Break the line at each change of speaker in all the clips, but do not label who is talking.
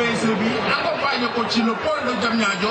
PSE bi accompagné ko ci le pôle de Diamniadio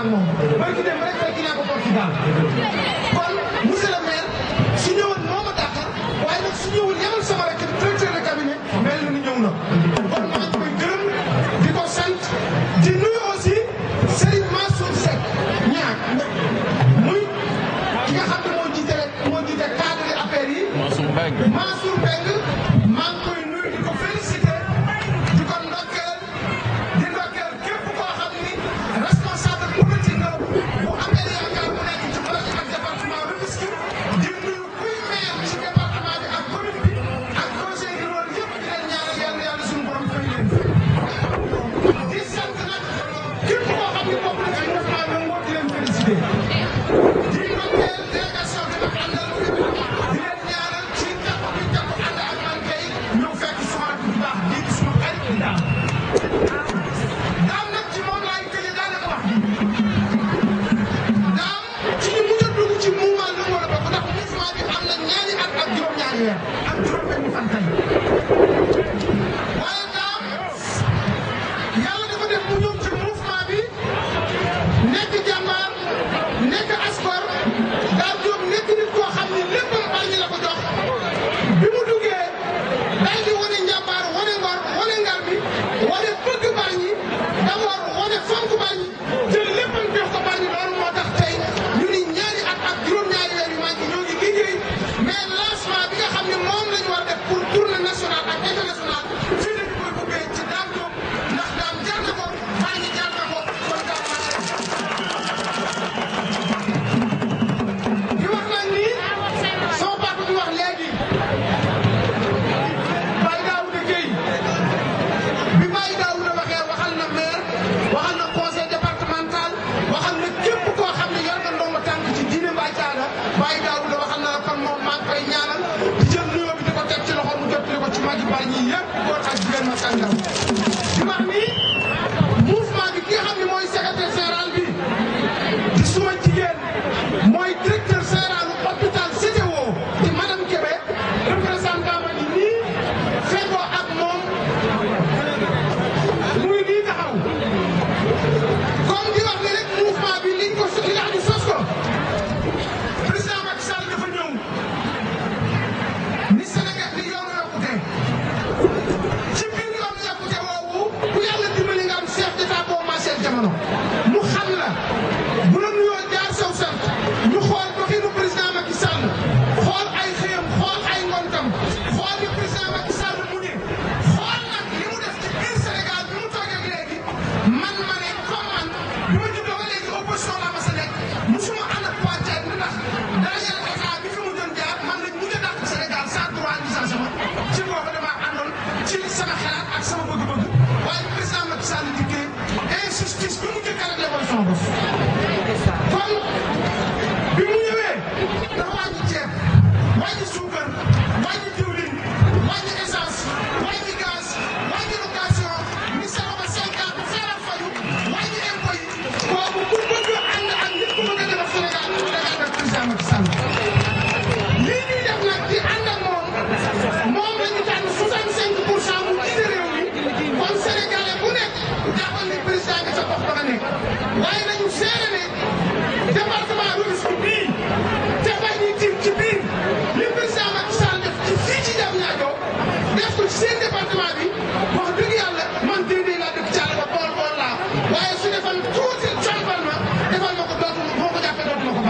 ak moom. bari ki dem rek fekk naa ko Portugal.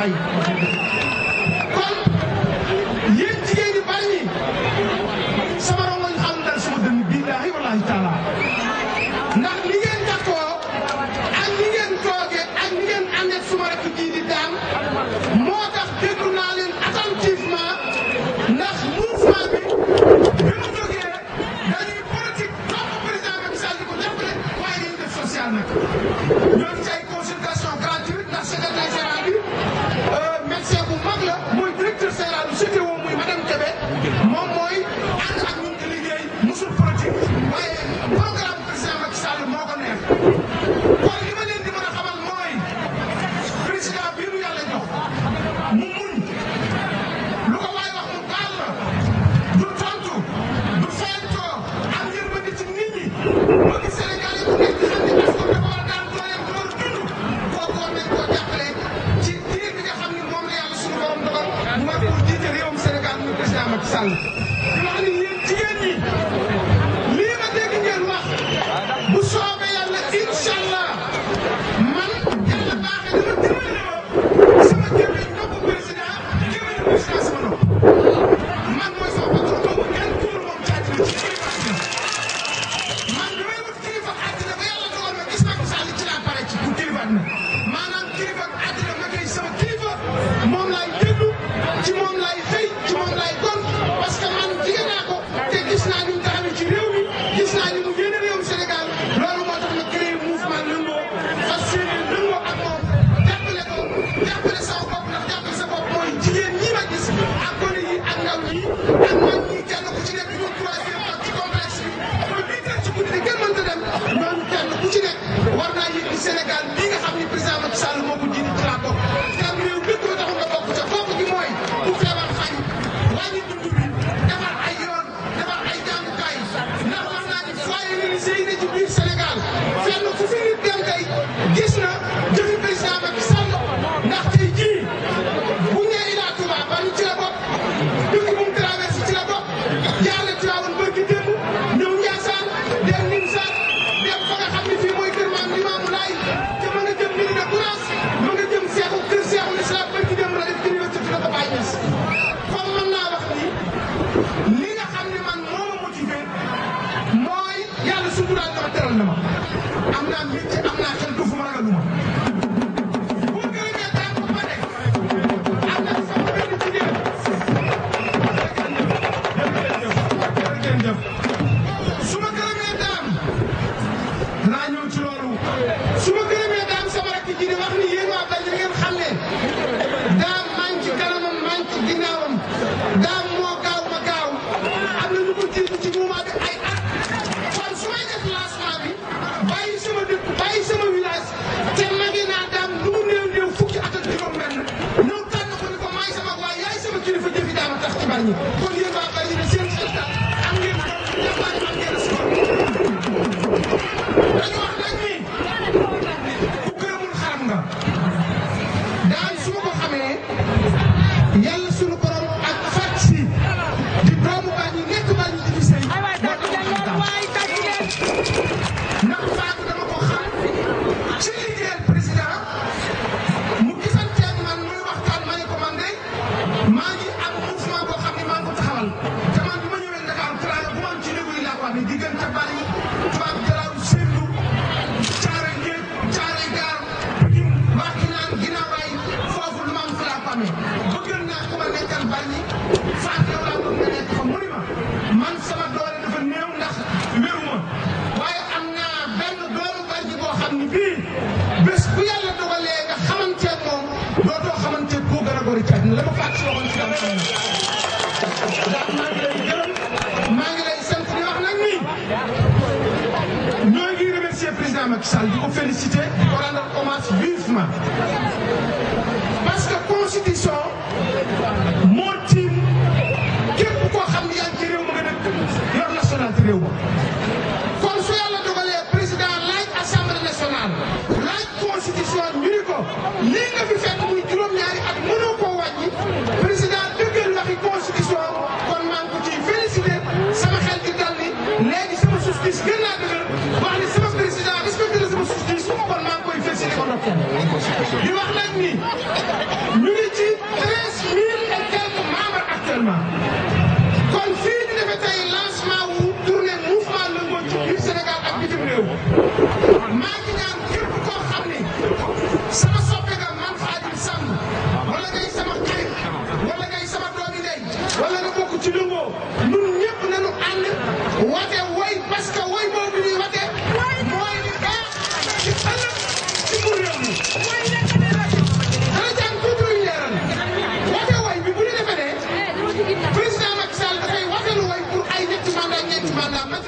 bye. wax ni yéen jigéen ñi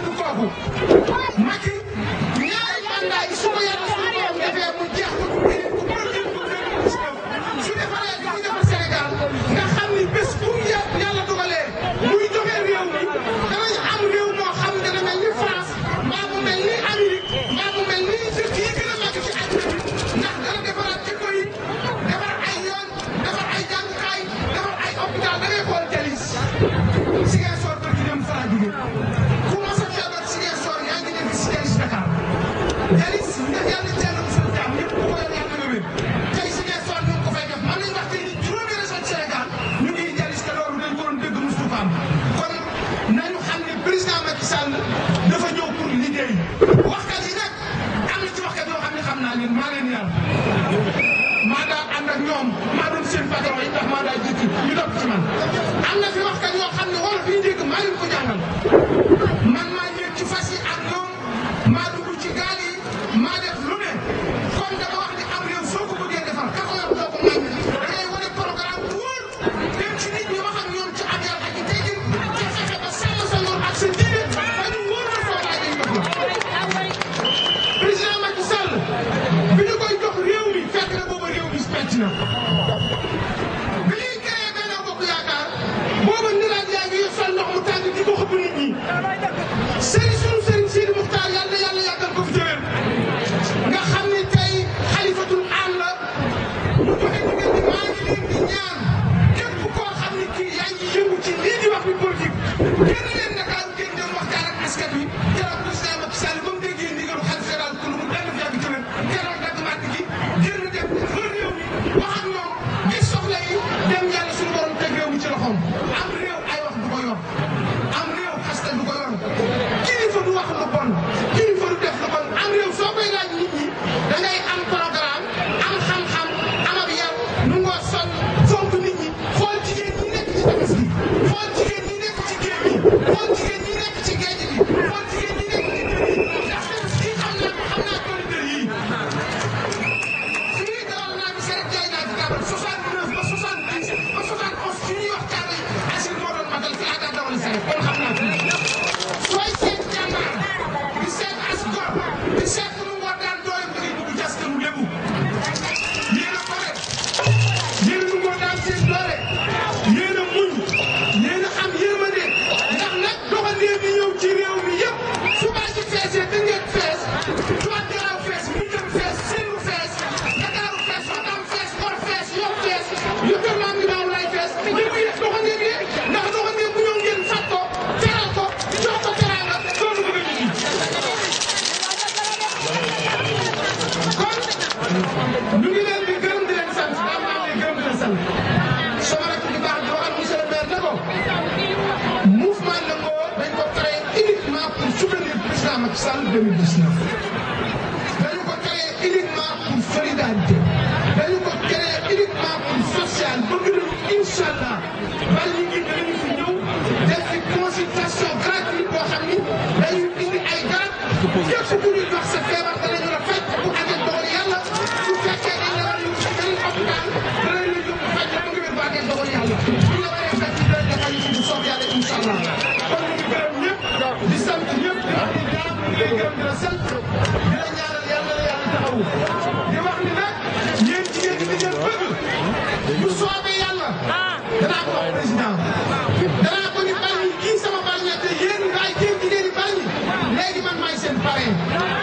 Lukaku. Making dövüldüsüne aí.